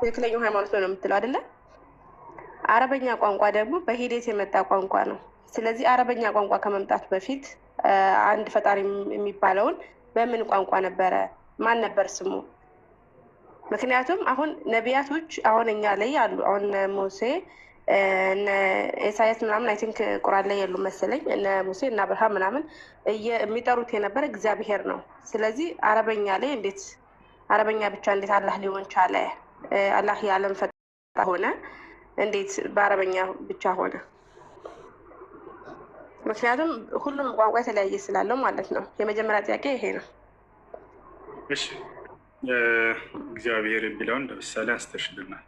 ትክክለኛው ሃይማኖት ነው የምትለው አይደለ? አረበኛ ቋንቋ ደግሞ በሂደት የመጣ ቋንቋ ነው። ስለዚህ አረበኛ ቋንቋ ከመምጣቱ በፊት አንድ ፈጣሪ የሚባለውን በምን ቋንቋ ነበረ? ማን ነበር ስሙ? ምክንያቱም አሁን ነቢያቶች አሁን እኛ ላይ አሉ። አሁን ሙሴ እነ ኢሳያስ ምናምን አይ ቲንክ ቁራን ላይ ያሉ መሰለኝ እነ ሙሴ እና አብርሃም ምናምን የሚጠሩት የነበረ እግዚአብሔር ነው። ስለዚህ አረበኛ ላይ እንዴት አረበኛ ብቻ እንዴት አላህ ሊሆን ቻለ? አላህ የዓለም ፈጣሪ ሆነ። እንዴት በአረበኛ ብቻ ሆነ? ምክንያቱም ሁሉም ቋንቋ የተለያየ ስላለው ማለት ነው። የመጀመሪያ ጥያቄ ይሄ ነው። እሺ እግዚአብሔር የሚለውን ለምሳሌ አስተሽልናል።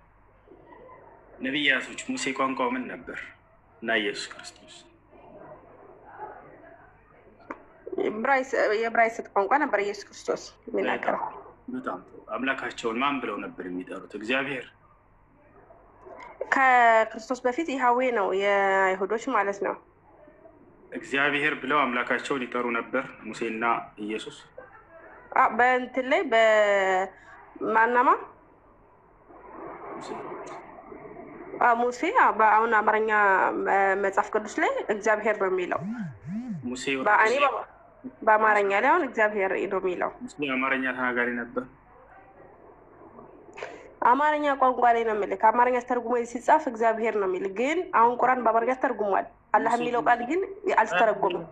ነቢያቶች ሙሴ ቋንቋው ምን ነበር እና ኢየሱስ ክርስቶስ የዕብራይስጥ ቋንቋ ነበር ኢየሱስ ክርስቶስ የሚናገረው በጣም ጥሩ። አምላካቸውን ማን ብለው ነበር የሚጠሩት? እግዚአብሔር ከክርስቶስ በፊት ይሃዌ ነው የአይሁዶች ማለት ነው። እግዚአብሔር ብለው አምላካቸውን ይጠሩ ነበር ሙሴና ኢየሱስ በእንትን ላይ በማናማ ሙሴ በአሁን አማርኛ መጽሐፍ ቅዱስ ላይ እግዚአብሔር በሚለው ሙሴ በአማርኛ ላይ አሁን እግዚአብሔር ነው የሚለው። የአማርኛ ተናጋሪ ነበር። አማርኛ ቋንቋ ላይ ነው የሚልክ። ከአማርኛ ተርጉሞ ሲጻፍ እግዚአብሔር ነው የሚል ግን አሁን ቁራን በአማርኛ ተርጉሟል። አላህ የሚለው ቃል ግን አልተረጎመም።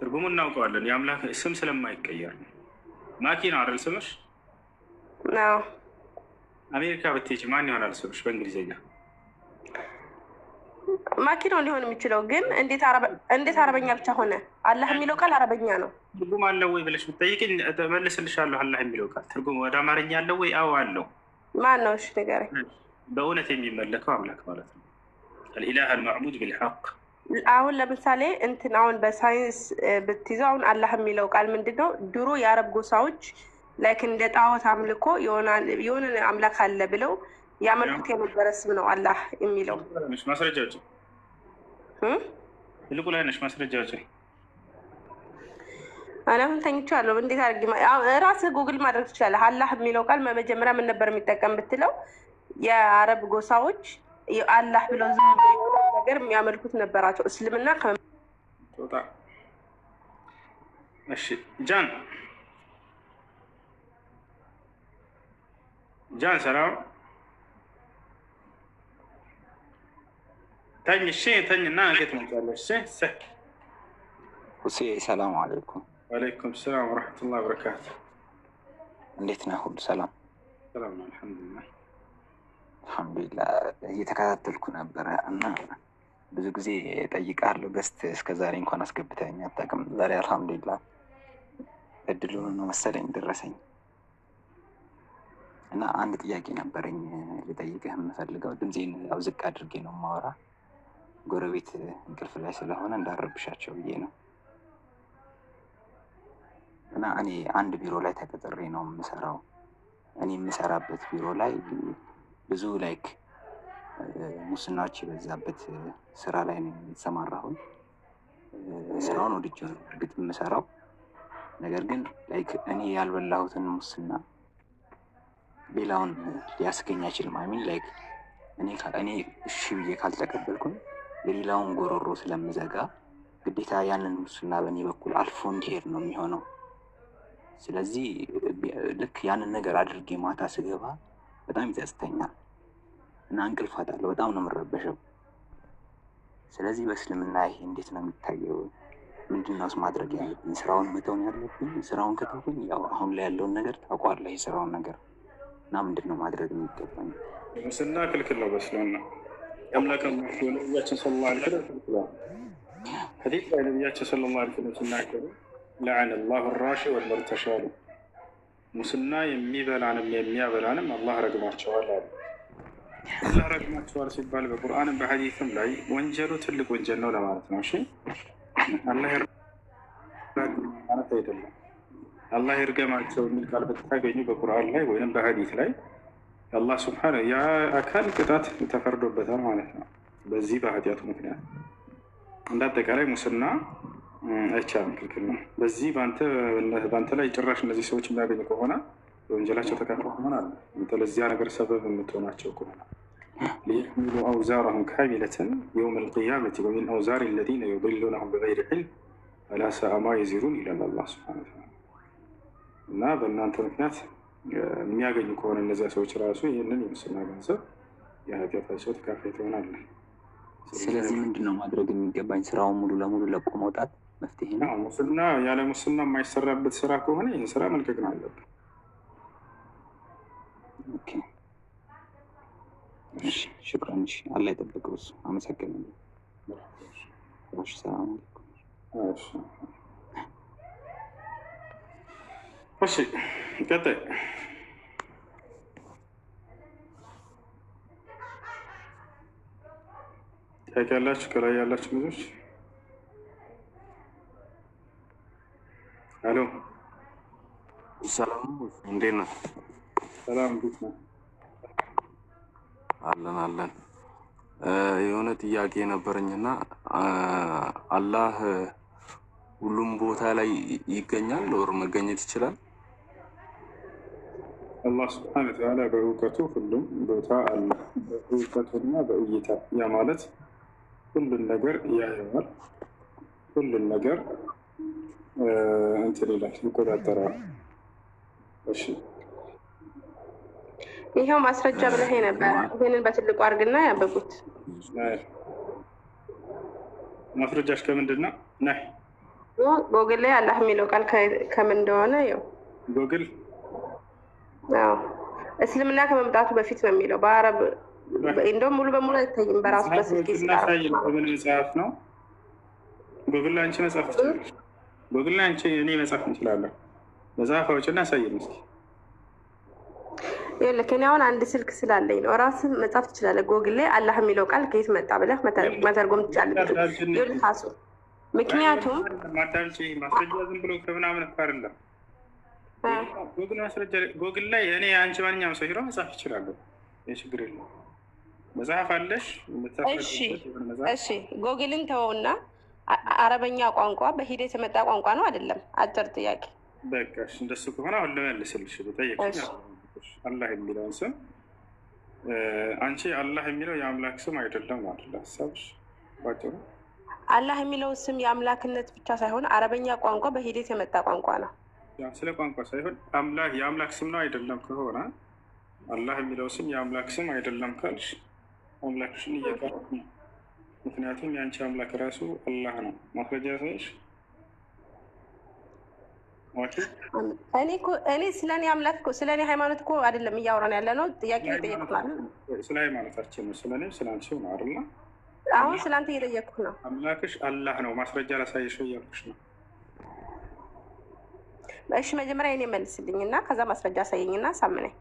ትርጉሙ እናውቀዋለን። የአምላክ ስም ስለማይቀየር ማኪ ነው አይደል ስምሽ? አሜሪካ ብትሄጂ ማን ይሆናል ስምሽ በእንግሊዝኛ? ማኪ ነው ሊሆን የሚችለው። ግን እንዴት አረበኛ ብቻ ሆነ? አላህ የሚለው ቃል አረበኛ ነው። ትርጉም አለው ወይ ብለሽ ብትጠይቅኝ እመልስልሻለሁ። አላህ የሚለው ቃል ትርጉም ወደ አማርኛ አለው ወይ? አዎ አለው። ማን ነው? እሺ ንገረኝ። በእውነት የሚመለከው አምላክ ማለት ነው። አልኢላህ አልማዕቡድ ቢልሐቅ። አሁን ለምሳሌ እንትን አሁን በሳይንስ ብትይዘው አሁን አላህ የሚለው ቃል ምንድን ነው? ድሮ የአረብ ጎሳዎች ላይክ እንደ ጣዖት አምልኮ የሆነ አምላክ አለ ብለው ያመልኩት የነበረ ስም ነው አላህ የሚለው ማስረጃዎች ትልቁ ላይ ነሽ ማስረጃዎች እኔ አሁን ተኝቻለሁ። እንዴት አድርጊ ራስህ ጉግል ማድረግ ትችላለህ። አላህ የሚለው ቃል መጀመሪያ ምን ነበር የሚጠቀም ብትለው የአረብ ጎሳዎች አላህ ብለው ዝም ነገር የሚያመልኩት ነበራቸው። እስልምና ጃን ጃን ሰላም ተኝ ተኝና ነገ ትመጣለሽ። እሺ። ሁሴ ሰላም አለይኩም። ወአለይኩም ሰላም ወረሕመቱላሂ ወበረካቱ። እንዴት ነህ? ሁሉ ሰላም? ሰላም ነው አልሐምዱሊላህ። አልሐምዱሊላህ እየተከታተልኩ ነበረ እና ብዙ ጊዜ ጠይቃለሁ። ገስት እስከ ዛሬ እንኳን አስገብተኝ አታውቅም። ዛሬ አልሐምዱሊላህ እድሉ ነው መሰለኝ ደረሰኝ እና አንድ ጥያቄ ነበረኝ ልጠይቅህ የምፈልገው ድምፄን ያው ዝቅ አድርጌ ነው ማወራ ጎረቤት እንቅልፍ ላይ ስለሆነ እንዳረብሻቸው ብዬ ነው። እና እኔ አንድ ቢሮ ላይ ተቀጥሬ ነው የምሰራው። እኔ የምሰራበት ቢሮ ላይ ብዙ ላይክ ሙስናዎች የበዛበት ስራ ላይ ነው የተሰማራሁን። ስራውን ወድጄ ነው እርግጥ የምሰራው። ነገር ግን ላይክ እኔ ያልበላሁትን ሙስና ሌላውን ሊያስገኝ አይችልም። አይ ላይክ እኔ እሺ ብዬ ካልተቀበልኩኝ የሌላውን ጎሮሮ ስለምዘጋ ግዴታ ያንን ሙስና በእኔ በኩል አልፎ እንዲሄድ ነው የሚሆነው። ስለዚህ ልክ ያንን ነገር አድርጌ ማታ ስገባ በጣም ይጸጽተኛል እና እንቅልፍ አጣለሁ። በጣም ነው የምረበሸው። ስለዚህ በእስልምና ይሄ እንዴት ነው የሚታየው? ምንድን ነውስ ማድረግ ያለብኝ? ስራውን መተውን ያለብኝ? ስራውን ከተውኩኝ ያው አሁን ላይ ያለውን ነገር ታውቋለህ፣ የስራውን ነገር እና ምንድን ነው ማድረግ የሚገባኝ? ሙስና ክልክል ነው በእስልምና የአምላክ አምላክ የሆነ ነቢያችን ሰለላሁ ዐለይሂ ወሰለም ሐዲስ ላይ ነቢያችን ሰለላሁ ዐለይሂ ወሰለም ሲናገሩ ለዐነ ላሁ ራሺ ወልሙርተሻ አሉ። ሙስና የሚበላንም የሚያበላንም አላህ ረግማቸዋል አሉ። አላህ ረግማቸዋል ሲባል በቁርአንም በሐዲስም ላይ ወንጀሉ ትልቅ ወንጀል ነው ለማለት ነው። እሺ አላህ ማለት አይደለም። አላህ ይርገማቸው የሚል ቃል ብታገኙ በቁርአን ላይ ወይም በሐዲስ ላይ አላህ ስብሓነ ያ አካል ቅጣት ተፈርዶበታል ማለት ነው። በዚህ በኃጢአቱ ምክንያት እንደ አጠቃላይ ሙስና አይቻልም፣ ክልክል ነው። በዚህ በአንተ ላይ ጭራሽ እነዚህ ሰዎች የሚያገኙ ከሆነ በወንጀላቸው ተካፋይ ከሆነ አንተ ለዚያ ነገር ሰበብ የምትሆናቸው ከሆነ ሊየሕሚሉ አውዛረሁም ካሚለተን የውም ልቅያመቲ ወሚን አውዛር ለዚነ ዩድሉነሁም ብገይሪ ዒልም አላ ሰአማ የዚሩን ይላል አላህ ስብሓነ ወተዓላ እና በእናንተ ምክንያት የሚያገኙ ከሆነ እነዚያ ሰዎች ራሱ ይህንን የሙስና ገንዘብ የኃጢአታቸው ተካፋይ ትሆናለህ። ስለዚህ ምንድን ነው ማድረግ የሚገባኝ? ስራውን ሙሉ ለሙሉ ለቆ መውጣት መፍትሄ ነው። ሙስና ያለ ሙስና የማይሰራበት ስራ ከሆነ ይህን ስራ መልቀቅ ነው አለብን። ሽክራን አላ የጠበቀው እሱ አመሰግናለሁ። ሰላም አለይኩም እሺ ቀጣይ ጥያቄ ያላችሁ ከላይ ያላችሁ ልጆች አሎ፣ ሰላም እንዴት ነው? ሰላም እንዴት ነው? አለን አለን። የሆነ ጥያቄ ነበረኝና አላህ ሁሉም ቦታ ላይ ይገኛል ወር መገኘት ይችላል? አላህ ስብሐነ ወተዓላ በእውቀቱ ሁሉም ቦታ አለ። በእውቀቱና በእይታ ያ ማለት ሁሉን ነገር ያየዋል፣ ሁሉን ነገር እንትን ይላል፣ ይቆጣጠራል። እሺ ይኸው ማስረጃ ብለህ ነበር። ይህንን በትልቁ አድርግና ያበቁት ማስረጃሽ ከምንድን ነው? ናይ ጎግል ላይ አላህ የሚለው ቃል ከምን እንደሆነ ይኸው ጎግል እስልምና ከመምጣቱ በፊት ነው የሚለው በአረብ እንደውም ሙሉ በሙሉ አይታይም። በራሱ በስልክ መጽሐፍ ነው። ጎግል አንቺ መጽሐፍ ትችላለሽ። ጎግል አንቺ እኔ መጽሐፍ እንችላለን። መጽሐፍ እና አሳየን እስኪ። ይኸውልህ እኔ አሁን አንድ ስልክ ስላለኝ ነው። ራስ መጽሐፍ ትችላለህ። ጎግል ላይ አላህ የሚለው ቃል ከየት መጣ ብለህ መተርጎም ትችላለህ። ይኸውልህ ምክንያቱም ማዳምጪ ማስረጃ ዝም ብሎ ከምናምን እኮ አይደለም ጉግል ማስረጃ ጉግል ላይ እኔ አንቺ ማንኛውም ሰው ሂሮ መጽሐፍ ይችላሉ። የችግር የለ መጽሐፍ አለሽ። እሺ ጎግልን ተወውና አረበኛ ቋንቋ በሂደት የመጣ ቋንቋ ነው አይደለም? አጭር ጥያቄ። በቃ እንደሱ ከሆነ አሁን ልመልስልሽ ጠየቅሽ። አላህ የሚለውን ስም አንቺ አላህ የሚለው የአምላክ ስም አይደለም አለ ሀሳብሽ ባጭሩ አላህ የሚለውን ስም የአምላክነት ብቻ ሳይሆን አረበኛ ቋንቋ በሂደት የመጣ ቋንቋ ነው። ስለ ቋንቋ ሳይሆን አምላክ የአምላክ ስም ነው አይደለም ከሆነ አላህ የሚለው ስም የአምላክ ስም አይደለም ካልሽ አምላክሽን እየቀረብ ነው። ምክንያቱም የአንቺ አምላክ ራሱ አላህ ነው። ማስረጃ ሳይሽ እኔ ስለኔ አምላክ ስለኔ ሃይማኖት እኮ አይደለም እያወራን ያለ ነው። ጥያቄ እየጠየቅኩ ስለ ሃይማኖታችን ነው። ስለ ስለአንቺው ነው አይደለ? አሁን ስለአንተ እየጠየቅኩ ነው። አምላክሽ አላህ ነው። ማስረጃ ላሳየሽ እያልኩሽ ነው። እሺ መጀመሪያ እኔ መልስልኝ እና ከዛ ማስረጃ አሳየኝ እና ሳምነኝ።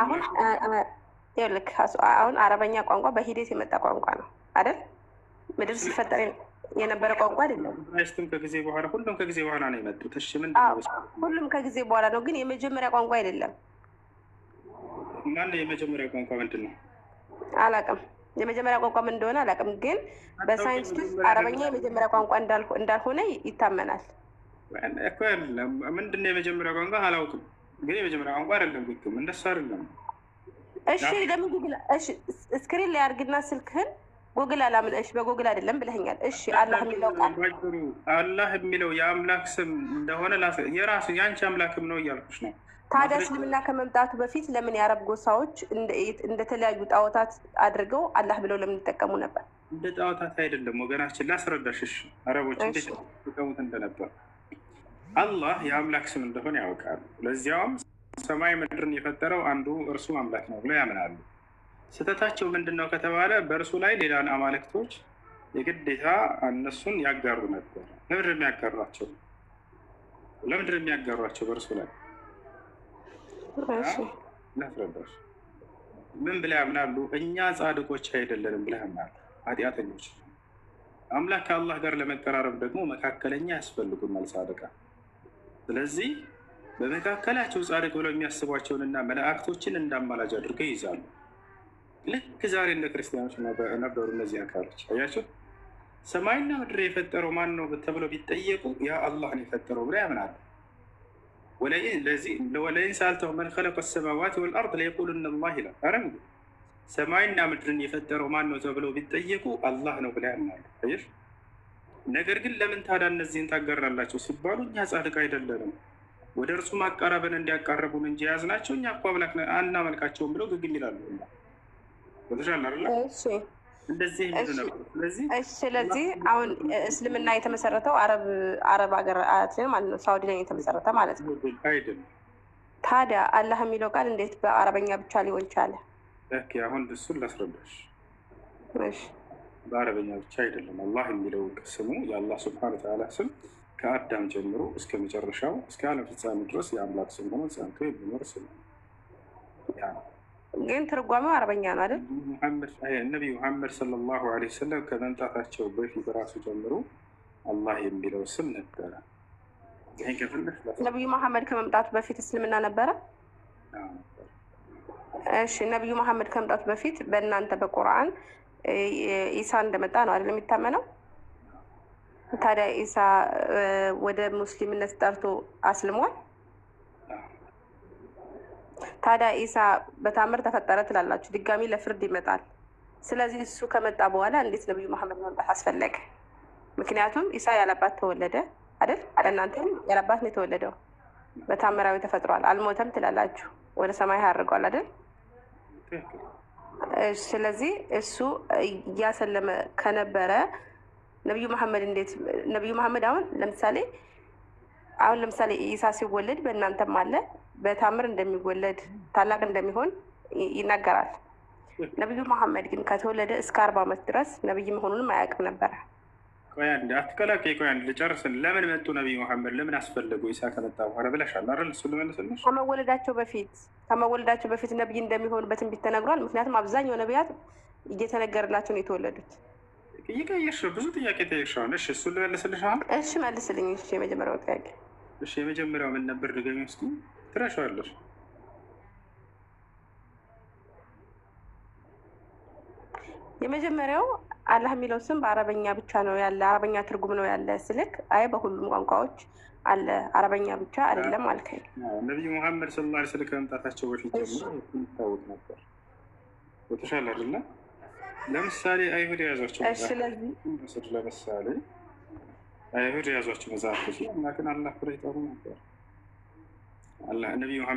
አሁን አሁን አረበኛ ቋንቋ በሂደት የመጣ ቋንቋ ነው አይደል? ምድር ሲፈጠር የነበረ ቋንቋ አይደለም። ከጊዜ በኋላ ሁሉም ከጊዜ በኋላ ነው የመጡት። እሺ ምንድን ሁሉም ከጊዜ በኋላ ነው፣ ግን የመጀመሪያ ቋንቋ አይደለም። ማን የመጀመሪያ ቋንቋ ምንድን ነው? አላውቅም። የመጀመሪያ ቋንቋ ምን እንደሆነ አላውቅም፣ ግን በሳይንስ ውስጥ አረበኛ የመጀመሪያ ቋንቋ እንዳልሆነ ይታመናል። እኮ አይደለም። ምንድን ነው የመጀመሪያ ቋንቋ አላውቅም፣ ግን የመጀመሪያ ቋንቋ አይደለም። ግግም እንደሱ አይደለም። እሺ ለምን ጉግል እሺ፣ እስክሪን ላይ አርግና ስልክህን ጉግል አላምል። እሺ በጉግል አይደለም ብለኸኛል። እሺ አላህ የሚለው ቃል አላህ የሚለው የአምላክ ስም እንደሆነ የራሱ የአንቺ አምላክም ነው እያልኩሽ ነው። ታዲያ እስልምና ከመምጣቱ በፊት ለምን የአረብ ጎሳዎች እንደተለያዩ ጣዖታት አድርገው አላህ ብለው ለምን ይጠቀሙ ነበር? እንደ ጣዖታት አይደለም ወገናችን፣ ላስረዳሽሽ አረቦች እንዴት ይጠቀሙት እንደነበር አላህ የአምላክ ስም እንደሆነ ያውቃሉ። ለዚያውም ሰማይ ምድርን የፈጠረው አንዱ እርሱ አምላክ ነው ብለው ያምናሉ። ስህተታቸው ምንድን ነው ከተባለ በእርሱ ላይ ሌላን አማልክቶች የግዴታ እነሱን ያጋሩ ነበር። ለምድር የሚያጋሯቸው ለምድር የሚያጋሯቸው በእርሱ ላይ ምን ብላ ያምናሉ? እኛ ጻድቆች አይደለንም ብላ ያምናሉ። ኃጢአተኞች አምላክ ከአላህ ጋር ለመቀራረብ ደግሞ መካከለኛ ያስፈልጉናል ጻድቃ ስለዚህ በመካከላቸው ጻድቅ ብለው የሚያስቧቸውንና መላእክቶችን እንዳማላጅ አድርገው ይይዛሉ። ልክ ዛሬ እንደ ክርስቲያኖች ነበሩ እነዚህ አካሎች። አያቸው ሰማይና ምድር የፈጠረው ማን ነው ተብለው ቢጠየቁ ያ አላህ ነው የፈጠረው ብለው ያምናሉ። ወለይን ሳልተው መን ኸለቀ ሰማዋት ወልአርድ ለየቁሉነ አላህ ይላል። አረ ሰማይና ምድርን የፈጠረው ማን ነው ተብለው ቢጠየቁ አላህ ነው ብለው ያምናሉ። ነገር ግን ለምን ታዲያ እነዚህን ታጋራላቸው ሲባሉ እኛ ጻድቅ አይደለንም ወደ እርሱ ማቃረብን እንዲያቃረቡን እንጂ የያዝናቸው እኛ እኮ አምላክ አናመልካቸውም ብለው ግግም ይላሉ። ስለዚህ አሁን እስልምና የተመሰረተው አረብ አረብ ሀገር ማለት ነው፣ ሳውዲ ላይ የተመሰረተ ማለት ነው። ታዲያ አላህ የሚለው ቃል እንዴት በአረበኛ ብቻ ሊሆን ቻለ? አሁን እሱን ላስረዳሽ። በአረበኛ ብቻ አይደለም። አላህ የሚለው ስሙ የአላህ ስብሐነ ወተዓላ ስም ከአዳም ጀምሮ እስከ መጨረሻው እስከ ዓለም ፍጻሜ ድረስ የአምላክ ስም ሆኖ ጸንቶ የሚኖር ስም ግን ትርጓሜው አረበኛ ነው አይደል? ነቢዩ መሐመድ ሰለላሁ ዐለይሂ ወሰለም ከመምጣታቸው በፊት ራሱ ጀምሮ አላህ የሚለው ስም ነበረ። ነቢዩ መሐመድ ከመምጣቱ በፊት እስልምና ነበረ። እሺ፣ ነቢዩ መሐመድ ከመምጣቱ በፊት በእናንተ በቁርአን ኢሳ እንደመጣ ነው አይደለም የሚታመነው። ታዲያ ኢሳ ወደ ሙስሊምነት ጠርቶ አስልሟል። ታዲያ ኢሳ በታምር ተፈጠረ ትላላችሁ፣ ድጋሚ ለፍርድ ይመጣል። ስለዚህ እሱ ከመጣ በኋላ እንዴት ነብዩ መሐመድ መምጣት አስፈለገ? ምክንያቱም ኢሳ ያለባት ተወለደ አይደል? ለእናንተም ያለባት ነው የተወለደው። በታምራዊ ተፈጥሯል፣ አልሞተም ትላላችሁ። ወደ ሰማይ አድርጓል አይደል? ስለዚህ እሱ እያሰለመ ከነበረ ነቢዩ መሐመድ እንዴት ነቢዩ መሐመድ አሁን ለምሳሌ አሁን ለምሳሌ ኢሳ ሲወለድ በእናንተም አለ በታምር እንደሚወለድ ታላቅ እንደሚሆን ይናገራል። ነቢዩ መሐመድ ግን ከተወለደ እስከ አርባ ዓመት ድረስ ነቢይ መሆኑንም አያውቅም ነበረ። ቆይ አንድ አትከላከይ። ቆይ አንድ ልጨርስ። ለምን መጡ ነቢይ መሐመድ ለምን አስፈለጉ? ኢሳ ከመጣ በኋላ ብለሻል አይደል? እሱ ልመልስልሽ። ከመወለዳቸው በፊት ከመወለዳቸው በፊት ነቢይ እንደሚሆኑ በትንቢት ተነግሯል። ምክንያቱም አብዛኛው ነቢያት እየተነገርላቸው ነው የተወለዱት። ይቀየሽ ብዙ ጥያቄ ጠየቅሻል። እሺ እሱ ልመልስልሽ። እሺ መልስልኝ። እሺ የመጀመሪያው ጥያቄ እሺ የመጀመሪያው ምን ነበር? ድገሚ ውስጥ ትረሻዋለሽ የመጀመሪያው አላህ የሚለው ስም በአረበኛ ብቻ ነው ያለ፣ አረበኛ ትርጉም ነው ያለ ስልክ፣ አይ በሁሉም ቋንቋዎች አለ፣ አረበኛ ብቻ አይደለም አልከኝ። ነቢይ ሙሐመድ ስለ ላ ስልክ ከመምጣታቸው በፊት ይታወቅ ነበር። የተሻለ አይደለ? ለምሳሌ አይሁድ የያዟቸው ስለዚህ ለምሳሌ አይሁድ የያዟቸው መጽሐፍ ግን አላህ ፍረጅ ጠሩ ነበር ነቢዩ